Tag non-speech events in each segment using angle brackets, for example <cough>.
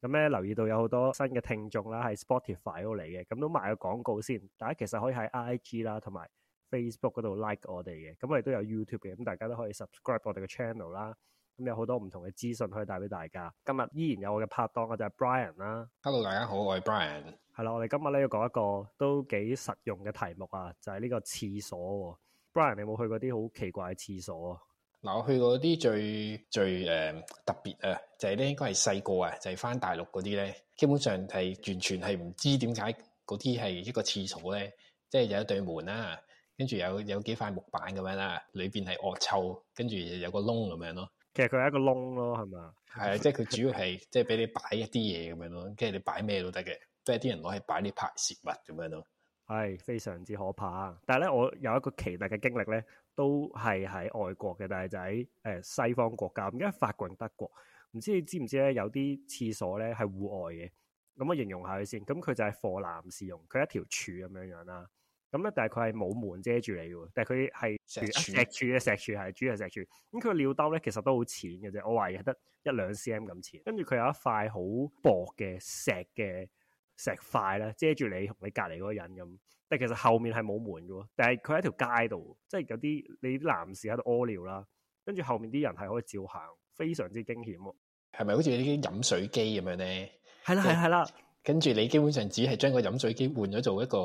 咁咧、嗯、留意到有好多新嘅聽眾啦，係 Spotify 嚟嘅，咁、嗯、都賣個廣告先。大家其實可以喺 IG 啦，同埋 Facebook 嗰度 like 我哋嘅，咁、嗯、我哋都有 YouTube 嘅，咁、嗯、大家都可以 subscribe 我哋嘅 channel 啦。咁、嗯、有好多唔同嘅資訊可以帶俾大家。今日依然有我嘅拍檔，我就係 Brian 啦。Hello，大家好，我係 Brian。係啦、嗯嗯嗯嗯，我哋今日咧要講一個都幾實用嘅題目啊，就係、是、呢個廁所、哦。Brian，你有冇去過啲好奇怪嘅廁所？啊？嗱，我去過啲最最誒、呃、特別啊，就係咧，應該係細個啊，就係翻大陸嗰啲咧，基本上係完全係唔知點解嗰啲係一個廁所咧，即係有一對門啦、啊，跟住有有幾塊木板咁樣啦、啊，裏邊係惡臭，跟住有個窿咁樣，樣咯。其實佢係一個窿咯，係嘛？係啊，即係佢主要係即係俾你擺一啲嘢咁樣咯，跟住你擺咩都得嘅，即係啲人攞去擺啲排泄物咁樣咯。係非常之可怕，但係咧，我有一個奇特嘅經歷咧。都係喺外國嘅，但係就喺誒、呃、西方國家咁。而家法國同德國，唔知你知唔知咧？有啲廁所咧係戶外嘅，咁我形容下佢先。咁佢就係放男士用，佢一條柱咁樣樣啦。咁咧，但係佢係冇門遮住你喎。但係佢係石柱嘅石柱，係主要係石柱。咁佢、個、尿兜咧，其實都好淺嘅啫。我懷疑係得一兩 cm 咁淺。跟住佢有一塊好薄嘅石嘅石塊咧，遮住你同你隔離嗰個人咁。但其實後面係冇門㗎喎，但係佢喺條街度，即係有啲你啲男士喺度屙尿啦，跟住後面啲人係可以照行，非常之驚險喎。係咪好似啲飲水機咁樣咧？係啦的，係係啦，跟住你基本上只係將個飲水機換咗做一個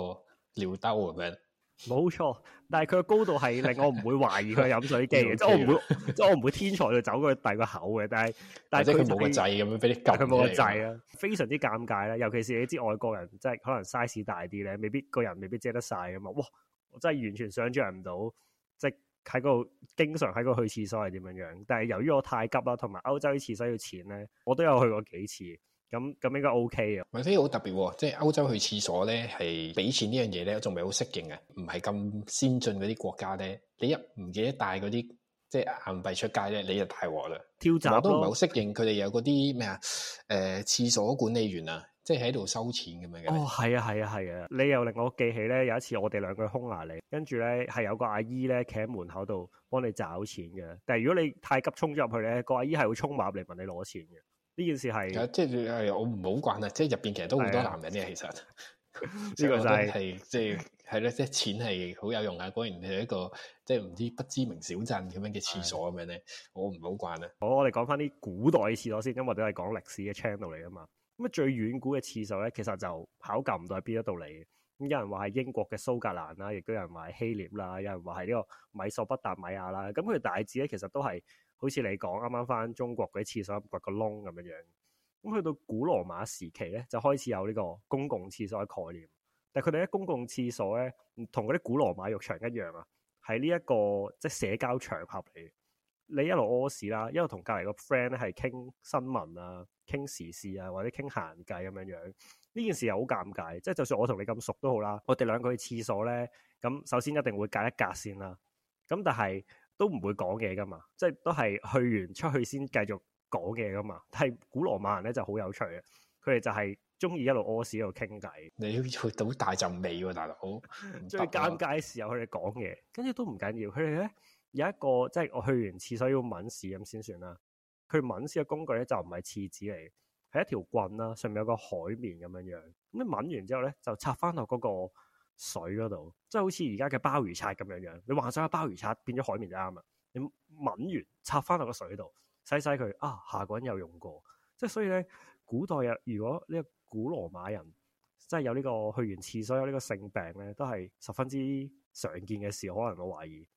尿兜咁樣。冇錯，但係佢嘅高度係令我唔會懷疑佢係飲水機， <laughs> 即係我唔會，即係 <laughs> 我唔會， <laughs> 唔會天才去走佢第二個口嘅。但係，但係佢冇個掣咁樣，俾你撳佢冇個掣啊，非常之尷尬啦。尤其是你知外國人即係可能 size 大啲咧，未必個人未必遮得晒㗎嘛。哇，我真係完全想象唔到，即係喺度，經常喺度去廁所係點樣樣。但係由於我太急啦，同埋歐洲啲廁所要錢咧，我都有去過幾次。咁咁應該 OK 啊！唔係，好特別喎。即係歐洲去廁所咧，係俾錢呢樣嘢咧，仲未好適應啊。唔係咁先進嗰啲國家咧。你一唔記得帶嗰啲即係硬幣出街咧，你就大鑊啦。跳釁都唔係好適應，佢哋有嗰啲咩啊？誒、呃，廁所管理員啊，即係喺度收錢咁樣嘅。哦，係啊，係啊，係啊，啊！你又令我記起咧，有一次我哋兩個去匈牙利，跟住咧係有個阿姨咧企喺門口度幫你找錢嘅。但係如果你太急衝咗入去咧，個阿姨係會衝埋入嚟問你攞錢嘅。呢件事係，即係我唔好慣啊！即係入邊其實都好多男人嘅，其實呢 <laughs> 個就係即係係咯，即係錢係好有用呀。果然你係一個即係唔知不知名小鎮咁樣嘅廁所咁樣咧，我唔好慣啊！好，我哋講翻啲古代嘅廁所先，因為我哋係講歷史嘅 channel 嚟啊嘛。咁啊最遠古嘅廁所咧，其實就考究唔到喺邊一度嚟。咁有人話係英國嘅蘇格蘭啦，亦都有人話係希臘啦，有人話係呢個米索不達米亞啦。咁佢哋大致咧，其實都係。好似你講啱啱返中國嗰啲廁所掘個窿咁樣樣，咁去到古羅馬時期咧，就開始有呢個公共廁所嘅概念。但係佢哋喺公共廁所咧，唔同嗰啲古羅馬浴場一樣啊，係呢一個即係、就是、社交場合嚟。你一路屙屎啦，一路同隔離個 friend 咧係傾新聞啊、傾時事啊，或者傾閒偈咁樣樣。呢件事又好尷尬，即係就算我同你咁熟都好啦，我哋兩個去廁所咧，咁首先一定會隔一隔先啦。咁但係。都唔會講嘢噶嘛，即係都係去完出去先繼續講嘢噶嘛。但係古羅馬人咧就好有趣嘅，佢哋就係中意一路屙屎一路傾偈。你去到大陣味喎，大佬，最尷尬嘅時候佢哋講嘢，跟住都唔緊要。佢哋咧有一個即係我去完廁所要揾屎咁先算啦。佢揾屎嘅工具咧就唔係廁紙嚟，係一條棍啦，上面有個海綿咁樣樣。咁你揾完之後咧就插翻落嗰個。水嗰度，即係好似而家嘅鮑魚刷咁樣樣。你幻想下鮑魚刷變咗海綿就啱啦。你搫完插翻落個水度，洗洗佢啊，下個人又用過。即係所以咧，古代有如果呢個古羅馬人，即係有呢個去完廁所有呢個性病咧，都係十分之常見嘅事。可能我懷疑。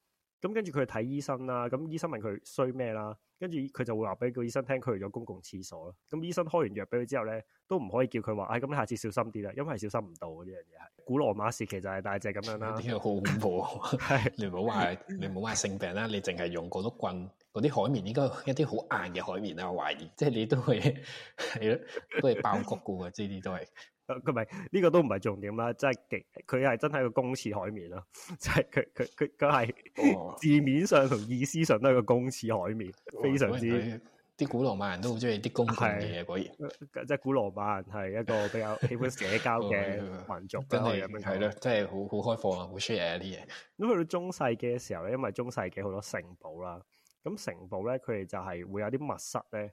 咁跟住佢去睇醫生啦，咁醫生問佢衰咩啦，跟住佢就會話俾個醫生聽佢去咗公共廁所啦。咁醫生開完藥俾佢之後咧，都唔可以叫佢話，哎，咁下次小心啲啦，因為小心唔到呢樣嘢係古羅馬時期就係大隻咁樣啦。呢個好恐怖， <laughs> 你唔好話你唔好話性病啦，你淨係用嗰碌棍，嗰啲海綿，海綿應該有一啲好硬嘅海綿，我懷疑，即係你都係係咯， <laughs> 都係爆谷噶，呢啲都係。佢唔係，呢個都唔係重點啦，即係極，佢係真係個公廁海綿啦，即係佢佢佢佢係字面上同意思上都係個公廁海綿，非常之。啲、哦哎、古羅馬人都好中意啲公共嘅嘢，是果然。即係古羅馬人係一個比較喜歡社交嘅民族，跟住係咯，即係好好開放啊，好 share 啲嘢。咁去到中世紀嘅時候咧，因為中世紀好多城堡啦，咁城堡咧佢哋就係會有啲密室咧，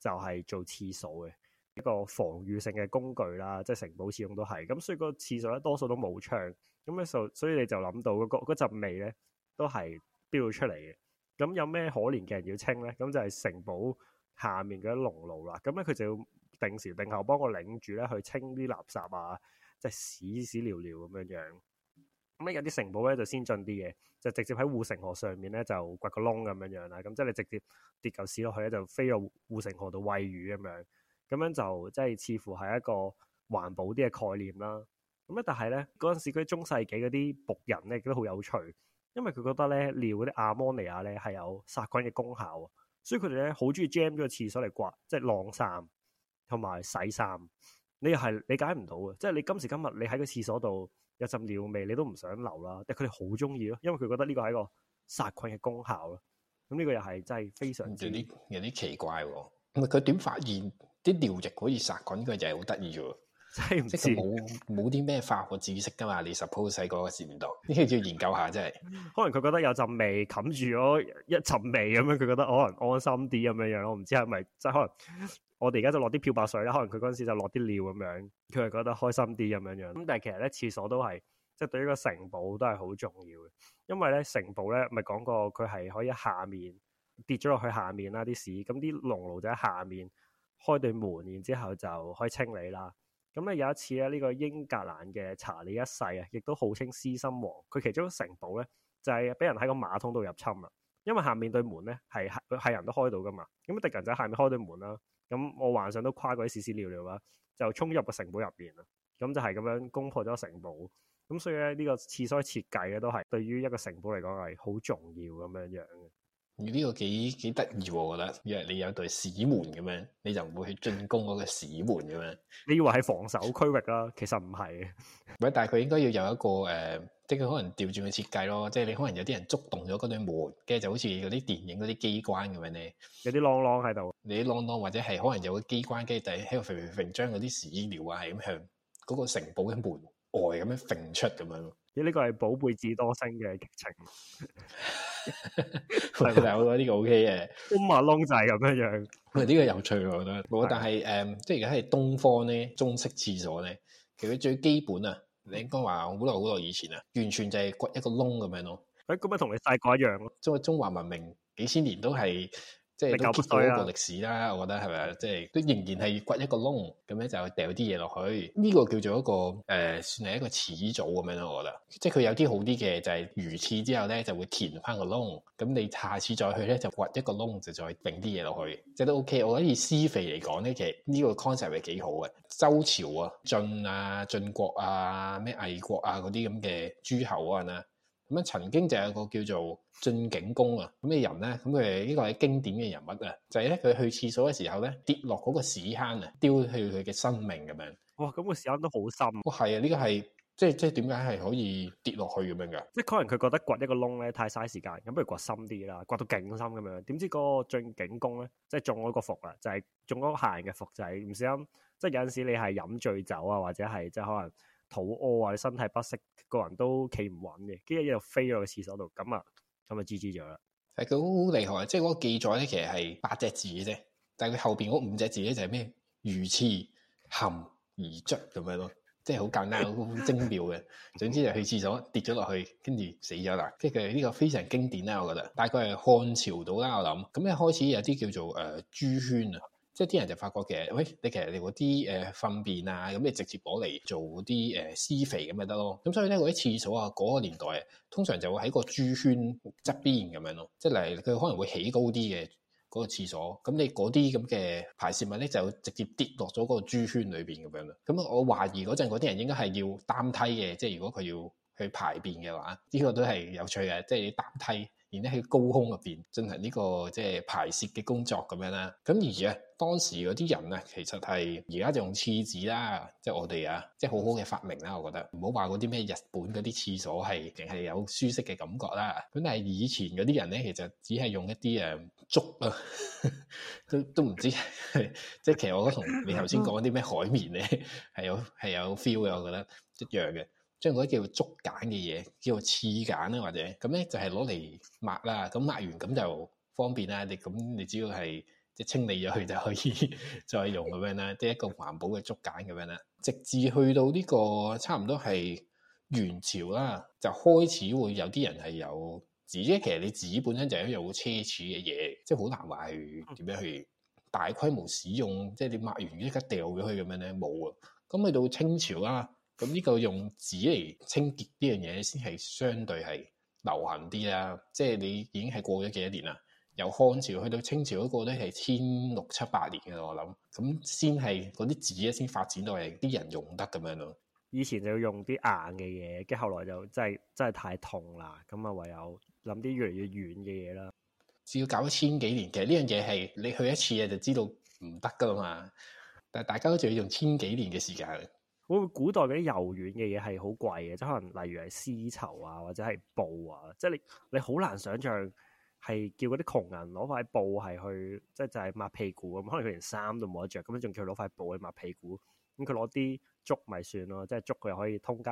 就係做廁所嘅。一個防禦性嘅工具啦，即係城堡始終都係咁，所以個廁所咧多數都冇窗，咁咧，就所以你就諗到嗰個嗰陣味咧都係飆出嚟嘅。咁有咩可憐嘅人要清咧？咁就係城堡下面嗰啲龍路啦。咁咧佢就要定時定候幫我領住咧去清啲垃圾啊，即係屎屎尿尿咁樣樣。咁咧有啲城堡咧就先進啲嘅，就直接喺護城河上面咧就掘個窿咁樣樣啦。咁即係你直接跌嚿屎落去咧，就飛到護城河度喂魚咁樣。咁樣就即係似乎係一個環保啲嘅概念啦。咁咧，但係咧嗰陣時嗰啲中世紀嗰啲僕人咧，都好有趣，因為佢覺得咧尿嗰啲亞摩尼亞咧係有殺菌嘅功效啊，所以佢哋咧好中意 jam 咗個廁所嚟刮，即係晾衫同埋洗衫。你又係理解唔到嘅，即係你今時今日你喺個廁所度有陣尿味，你都唔想留啦。但係佢哋好中意咯，因為佢覺得呢個係一個殺菌嘅功效咯。咁呢個又係真係非常之有啲奇怪喎。唔係佢點發現？啲尿液可以殺菌，佢就係好得意啫。真即係佢冇冇啲咩化學知識噶嘛？你十鋪細個嘅時面度，呢啲要研究下真係。 <laughs> 可能佢覺得有陣味，冚住咗一陣味咁樣，佢覺得可能安心啲咁樣樣咯。我唔知係咪即係可能我哋而家就落啲漂白水啦。可能佢嗰時就落啲尿咁樣，佢係覺得開心啲咁樣樣咁。但係其實咧，廁所都係即係對於一個城堡都係好重要嘅，因為咧城堡咧咪講過佢係可以下面跌咗落去下面啦啲屎，咁啲農奴仔喺下面，開對門，然之後就可以清理啦。咁咧有一次咧，呢、這個英格蘭嘅查理一世啊，亦都號稱獅心王。佢其中城堡咧就係、是、俾人喺個馬桶度入侵啦，因為下面對門咧係係人都開到噶嘛。咁敵人就下面開對門啦，咁我幻想都跨過啲屎屎尿尿啦，就衝入個城堡入邊啦。咁就係咁樣攻破咗城堡。咁所以咧呢、這個廁所設計咧都係對於一個城堡嚟講係好重要咁樣樣嘅。呢個幾幾得意喎，我覺得。因為你有對屎門咁樣，你就唔會去進攻嗰個屎門咁樣。你以為係防守區域啦、啊，其實唔係。唔係，但係佢應該要有一個誒、呃，即佢可能調轉嘅設計咯。即係你可能有啲人觸動咗嗰對門，跟住就好似嗰啲電影嗰啲機關咁樣咧，有啲啷啷喺度。你啷啷或者係可能有個機關機底喺度，揈揈揈將嗰啲屎尿啊，係咁向嗰個城堡嘅門外咁樣揈出咁樣。呢個係寶貝智多星嘅劇情，但係我覺得呢個 O K 嘅，烏馬窿就係咁樣樣。喂， <noise> 呢、嗯，這個有趣，我覺得。冇， <laughs> 但係誒，即係而家係東方咧，中式廁所咧，其實最基本啊，你應該話好耐好耐以前啊，完全就係掘一個窿咁樣咯。誒、欸，咁咪同你細個一樣咯。中中華文明幾千年都係。即係都揭開一個歷史啦，我覺得係咪啊？即係都仍然係掘一個窿，咁咧就掉啲嘢落去。呢、這個叫做一個誒、呃，算係一個始祖咁樣咯。我覺得，即係佢有啲好啲嘅就係如廁之後咧就會填翻個窿。咁你下次再去咧就掘一個窿就再掟啲嘢落去，即都 OK。我覺得以施肥嚟講咧，其實呢個 concept 係幾好嘅。周朝啊、晉啊、晉國啊、咩魏國啊嗰啲咁嘅諸侯啊。嗯、曾經就有一個叫做晉景公啊，咁嘅人咧，咁佢係呢個係經典嘅人物啊，就係咧佢去廁所嘅時候咧，跌落嗰個屎坑啊，丟去佢嘅生命咁樣。哇！咁個屎坑都好深。哇、哦，係啊，呢、這個係即係即係點解係可以跌落去咁樣㗎？即係可能佢覺得掘一個窿咧太嘥時間，咁不如掘深啲啦，掘到勁深咁樣。點知個晉景公咧，即係中咗個伏啦，就係、是、中咗行人嘅伏。就係唔小心，即係有陣時你係飲醉酒啊，或者係即係可能。肚餓啊！身體不適，個人都企唔穩嘅，跟住又飛咗去廁所度，咁啊，咁啊，GG 咗啦。係佢好厲害，即係嗰個記載咧，其實係八隻字嘅啫，但係佢後邊嗰五隻字咧就係咩如廁，陷而卒咁樣咯，即係好簡單，好 <laughs> 精妙嘅。總之就去廁所跌咗落去，跟住死咗啦。即係佢呢個非常經典啦，我覺得。大概係漢朝到啦，我諗。咁一開始有啲叫做誒豬、呃、圈啊。即係啲人就發覺嘅：哎「喂，你其實你嗰啲誒糞便啊，咁你直接攞嚟做嗰啲誒施肥咁咪得咯。咁所以咧，嗰啲廁所啊，嗰個年代通常就會喺個豬圈側邊咁樣咯。即係嚟佢可能會起高啲嘅嗰個廁所。咁你嗰啲咁嘅排泄物咧，就直接跌落咗嗰個豬圈裏邊咁樣啦。咁我懷疑嗰陣嗰啲人應該係要擔梯嘅。即係如果佢要去排便嘅話，呢個都係有趣嘅。即係你擔梯。然後喺高空入面進行呢個排泄嘅工作咁樣啦。咁而啊，當時嗰啲人呢，其實係而家就用廁紙啦，即係我哋啊，即好好嘅發明啦。我覺得唔好話嗰啲咩日本嗰啲廁所係淨係有舒適嘅感覺啦。本嚟以前嗰啲人呢，其實只係用一啲誒、嗯、竹啊， <laughs> 都都唔知。即 <laughs> 其實我同你頭先講啲咩海綿呢，係有係有 feel 嘅，我覺得一樣嘅。將嗰啲叫做竹簡嘅嘢，叫做廁簡啦，或者咁咧就係攞嚟抹啦，咁抹完咁就方便啦。你咁你只要係即係清理咗佢就可以 <laughs> 再用咁樣啦，即係一個環保嘅竹簡咁樣啦。直至去到呢個差唔多係元朝啦，就開始會有啲人係有紙，即其實你自己本身就已經有奢侈嘅嘢，即係好難話去點樣去大規模使用，即係你抹完即刻掉咗佢咁樣咧，冇啊。咁去到清朝啦。咁呢個用紙嚟清潔呢樣嘢，先係相對係流行啲啦。即係你已經係過咗幾多年啦，由漢朝去到清朝嗰個咧係千六七百年嘅，我諗咁、嗯、先係嗰啲紙咧先發展到嚟啲人用得咁樣咯。以前就要用啲硬嘅嘢，跟後來就真係真係太痛啦。咁啊唯有諗啲越嚟越軟嘅嘢啦。只要搞千幾年，其實呢樣嘢係你去一次啊就知道唔得噶啦嘛。但係大家都仲要用千幾年嘅時間。古代嗰啲柔軟嘅嘢係好貴嘅，即可能例如係絲綢啊，或者係布啊，即係你你好難想象係叫嗰啲窮人攞塊布係去，即係就係抹屁股咁。可能佢連衫都冇得着，咁樣仲叫佢攞塊布去抹屁股，咁佢攞啲竹咪算咯，即係竹又可以通街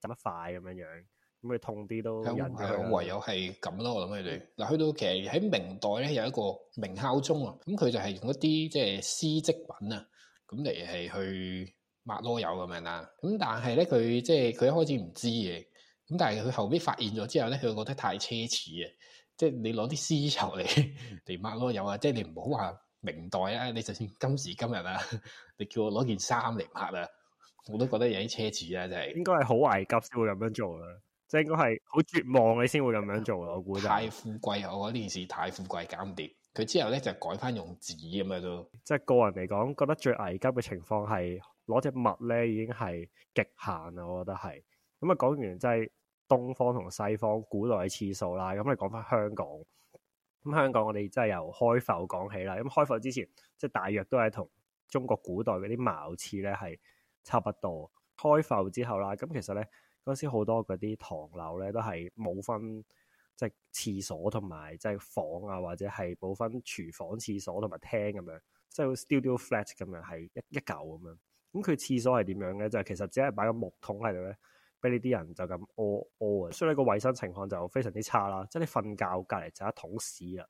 浸得快咁樣樣，咁佢痛啲都、啊。係係唯有係咁咯，我諗佢哋嗱去到其實喺明代咧有一個明孝宗啊，咁佢就係用一啲即係絲織品啊，咁你係去。抹羅柚咁樣啦，咁但係咧佢即係佢一開始唔知嘅，咁但係佢後尾發現咗之後咧，佢覺得太奢侈啊，即係你攞啲絲綢嚟嚟抹羅柚啊，即係你唔好話明代啊，你就算今時今日啊， <laughs> 你叫我攞件衫嚟抹啊，我都覺得有啲奢侈啊，真係應該係好危急先會咁樣做啦，即係應該係好絕望你先會咁樣做咯。我估太富貴，我覺得呢件事太富貴奸碟。佢之後咧就改翻用紙咁樣都即係個人嚟講，覺得最危急嘅情況係攞隻襪咧已經係極限啦，我覺得係。咁啊講完即係東方同西方古代嘅次數啦。咁啊講翻香港，咁、嗯、香港我哋即係由開埠講起啦。咁、嗯、開埠之前即係、就是、大約都係同中國古代嗰啲茅廁咧係差不多。開埠之後啦，咁、嗯、其實咧嗰時好多嗰啲唐樓咧都係冇分即係廁所同埋即係房啊，或者係冇分廚房、廁所同埋廳咁樣，即係好似 studio flat 咁樣係一一嚿咁樣。咁佢廁所係點樣咧？就係、是、其實只係擺個木桶喺度咧，俾你啲人就咁屙屙啊。所以你個衛生情況就非常之差啦。即、就、係、是、你瞓覺隔籬就一桶屎啦。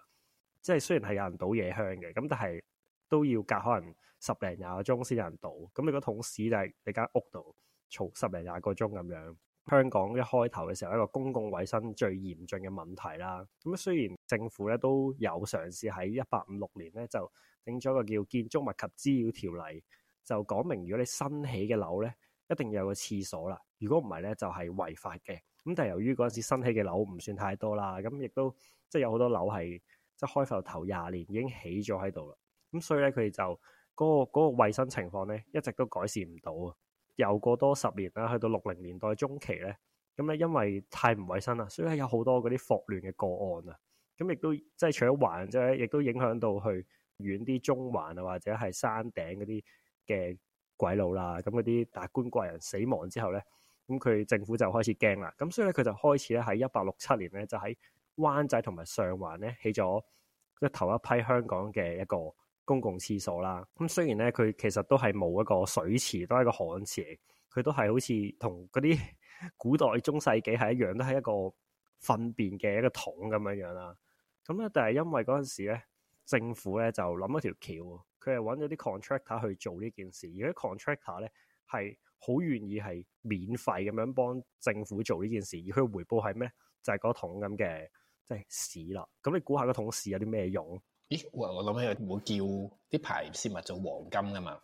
即係雖然係有人倒夜香嘅，咁但係都要隔可能十零廿個鐘先有人倒。咁、那、你個桶屎就喺你間屋度嘈十零廿個鐘咁樣。香港一開頭嘅時候，一個公共衛生最嚴峻嘅問題啦。咁啊，雖然政府咧都有嘗試喺一八五六年咧就整咗個叫《建築物及滋擾條例》。就講明，如果你新起嘅樓咧，一定要有個廁所啦。如果唔係咧，就係、是、違法嘅。咁但係由於嗰陣時新起嘅樓唔算太多啦，咁亦都即係有好多樓係即係開埠頭廿年已經起咗喺度啦。咁所以咧，佢哋就嗰、那個嗰、那個衛生情況咧，一直都改善唔到。又過多十年啦，去到六零年代中期咧，咁咧因為太唔衛生啦，所以有好多嗰啲霍亂嘅個案啊。咁亦都即係除咗環啫，亦都影響到去遠啲中環啊，或者係山頂嗰啲。嘅鬼佬啦，咁嗰啲達官貴人死亡之後咧，咁佢政府就開始驚啦，咁所以咧，佢就開始咧喺一八六七年咧就喺灣仔同埋上環咧起咗即係頭一批香港嘅一個公共廁所啦。咁雖然咧，佢其實都係冇一個水池，都係一個旱池嚟，佢都係好似同嗰啲古代中世紀係一樣，都係一個糞便嘅一個桶咁樣樣啦。咁咧，但係因為嗰陣時咧政府咧就諗咗條橋。佢係揾咗啲 contractor 去做呢件事，而啲 contractor 咧係好願意係免費咁樣幫政府做呢件事，而佢嘅回報係咩？就係嗰桶咁嘅，即係屎啦。咁你估下個桶屎有啲咩用？咦？哇！我諗起會叫啲排泄物做黃金噶嘛？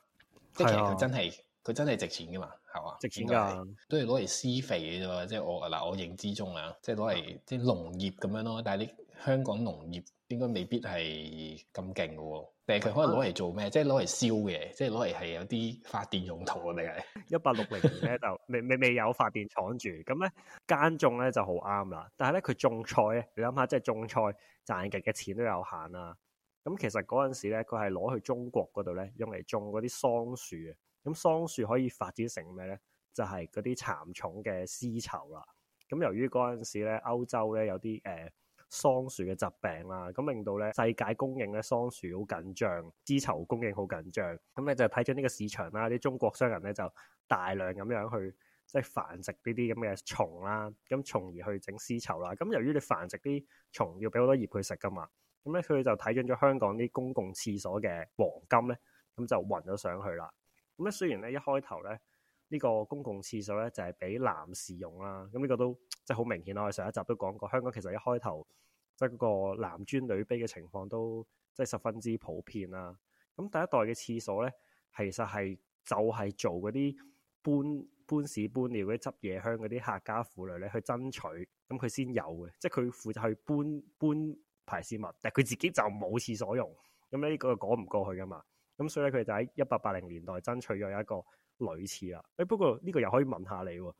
即係其實佢真係佢真係值錢噶嘛？係嘛？值錢㗎，都係攞嚟施肥嘅啫嘛。即係我嗱我認知中啊，即係攞嚟即係農業咁樣咯。但係你香港農業？應該未必係咁勁嘅喎，但係佢可能攞嚟做咩嗎？即係攞嚟燒嘅，即係攞嚟係有啲發電用途啊！定係一八六零年咧就未未未有發電廠住，咁咧耕種咧就好啱啦。但係咧佢種菜，你諗下，即係種菜賺極嘅錢都有限啊。咁其實嗰陣時咧，佢係攞去中國嗰度咧，用嚟種嗰啲桑樹嘅。咁桑樹可以發展成咩咧？就係嗰啲蠶蟲嘅絲綢啦。咁由於嗰陣時咧，歐洲咧有啲誒。呃桑樹嘅疾病啦，咁令到咧世界供應咧桑樹好緊張，絲綢供應好緊張，咁咧就睇咗呢個市場啦，啲中國商人咧就大量咁樣去即係繁殖呢啲咁嘅蟲啦，咁從而去整絲綢啦。咁由於你繁殖啲蟲要俾好多葉去食噶嘛，咁咧佢就睇準咗香港啲公共廁所嘅黃金咧，咁就運咗上去啦。咁咧雖然咧一開頭咧。呢個公共廁所咧就係、是、俾男士用啦，咁、嗯、呢、這個都即係好明顯啦。我哋上一集都講過，香港其實一開頭即係嗰個男尊女卑嘅情況都即係十分之普遍啦。咁、嗯、第一代嘅廁所咧，其實係就係、是、做嗰啲搬搬屎搬尿嗰執嘢香嗰啲客家婦女咧去爭取，咁佢先有嘅，即係佢負責去搬搬排泄物，但係佢自己就冇廁所用，咁、嗯、呢、嗯這個就講唔過去噶嘛。咁、嗯、所以咧，佢哋就喺一八八零年代爭取咗一個。類似啦、啊，誒、哎，不過呢個又可以問下你、啊，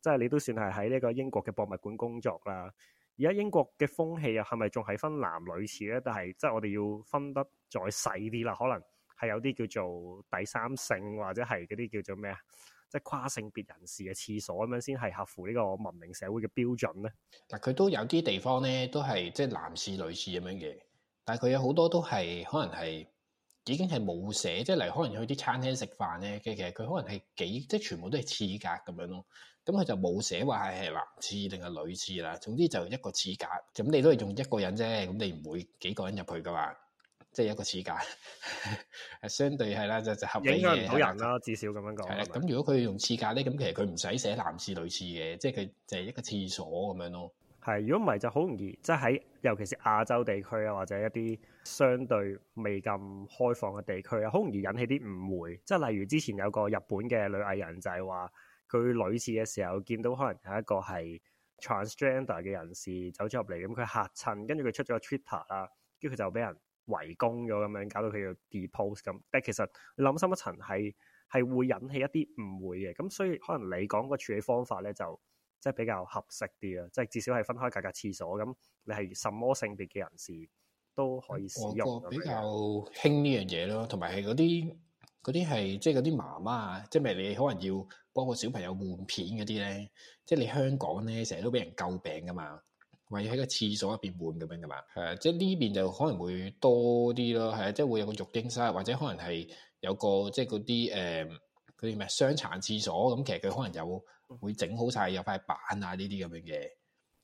即係你都算係喺呢個英國嘅博物館工作啦。而家英國嘅風氣啊，係咪仲係分男女廁咧？但係即係我哋要分得再細啲啦，可能係有啲叫做第三性或者係嗰啲叫做咩啊，即係跨性別人士嘅廁所咁樣先係合乎呢個文明社會嘅標準咧。嗱，佢都有啲地方咧，都係即係男士、女士咁樣嘅，但係佢有好多都係可能係。已經係冇寫，即係嚟可能去啲餐廳食飯咧。其實佢可能係幾即係全部都係廁格咁樣咯。咁佢就冇寫話係男廁定係女廁啦。總之就一個廁格。咁你都係用一個人啫。咁你唔會幾個人入去噶嘛？即係一個廁格 <laughs> 相對係啦，就就合理嘅。應該唔到人啦、啊，至少咁樣講。係啦。咁如果佢用廁格咧，咁其實佢唔使寫男廁女廁嘅，即係佢就係一個廁所咁樣咯。係，如果唔係就好容易，即係喺尤其是亞洲地區啊，或者一啲相對未咁開放嘅地區啊，好容易引起啲誤會。即係例如之前有個日本嘅女藝人就係話，佢女士嘅時候見到可能有一個係 transgender 嘅人士走咗入嚟，咁佢嚇親，跟住佢出咗個 Twitter，跟住佢就俾人圍攻咗，咁樣搞到佢要 Depost 咁。但係其實你諗深一層係係會引起一啲誤會嘅。咁所以可能你講個處理方法咧就。即係比較合適啲啊！即係至少係分開隔隔廁所咁，你係什麼性別嘅人士都可以使用。我覺得比較興呢樣嘢咯，同埋係嗰啲嗰啲係即係嗰啲媽媽啊，即係咪你可能要幫個小朋友換片嗰啲咧？即係你香港咧成日都俾人詬病㗎嘛，話要喺個廁所入邊換咁樣㗎嘛。係啊，即係呢邊就可能會多啲咯。係啊，即係會有個浴丁沙，或者可能係有個即係嗰啲誒嗰啲咩傷殘廁所咁、嗯。其實佢可能有。會整好晒有塊板啊，呢啲咁樣嘅，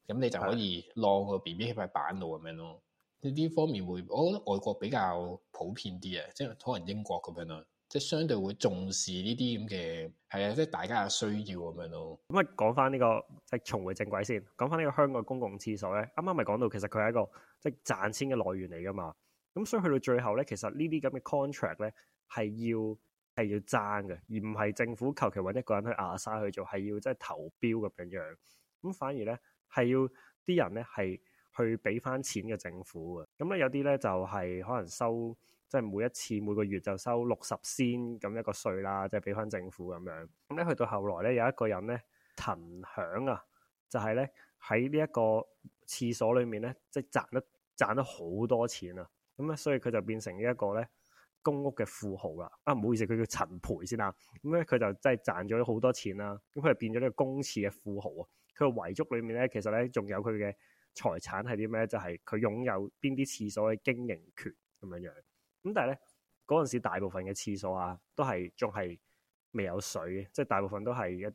咁你就可以晾個 B B 喺塊板度咁樣咯。呢啲的方面會，我覺得外國比較普遍啲啊，即係可能英國咁樣咯，即係相對會重視呢啲咁嘅，係啊，即係大家嘅需要咁樣咯。咁啊、嗯，講翻呢個即係重回正軌先，講翻呢個香港公共廁所咧，啱啱咪講到其實佢係一個即係、就是、賺錢嘅來源嚟噶嘛。咁所以去到最後咧，其實這這呢啲咁嘅 contract 咧係要。係要爭嘅，而唔係政府求其揾一個人去阿沙去做，係要即係投標咁樣樣。咁反而咧，係要啲人咧係去俾翻錢嘅政府啊。咁咧有啲咧就係可能收，即係每一次每個月就收六十仙咁一個稅啦，即係俾翻政府咁樣。咁咧去到後來咧，有一個人咧，騰響啊，就係咧喺呢一個廁所裏面咧，即係賺得賺得好多錢啊。咁咧，所以佢就變成呢一個咧。公屋嘅富豪啦，啊唔好意思，佢叫陳培先啦，咁咧佢就真係賺咗好多錢啦，咁佢就變咗呢個公廁嘅富豪啊，佢個遺囑裏面咧，其實咧仲有佢嘅財產係啲咩？就係佢擁有邊啲廁所嘅經營權咁樣樣，咁但係咧嗰陣時大部分嘅廁所啊，都係仲係未有水嘅，即係大部分都係一啲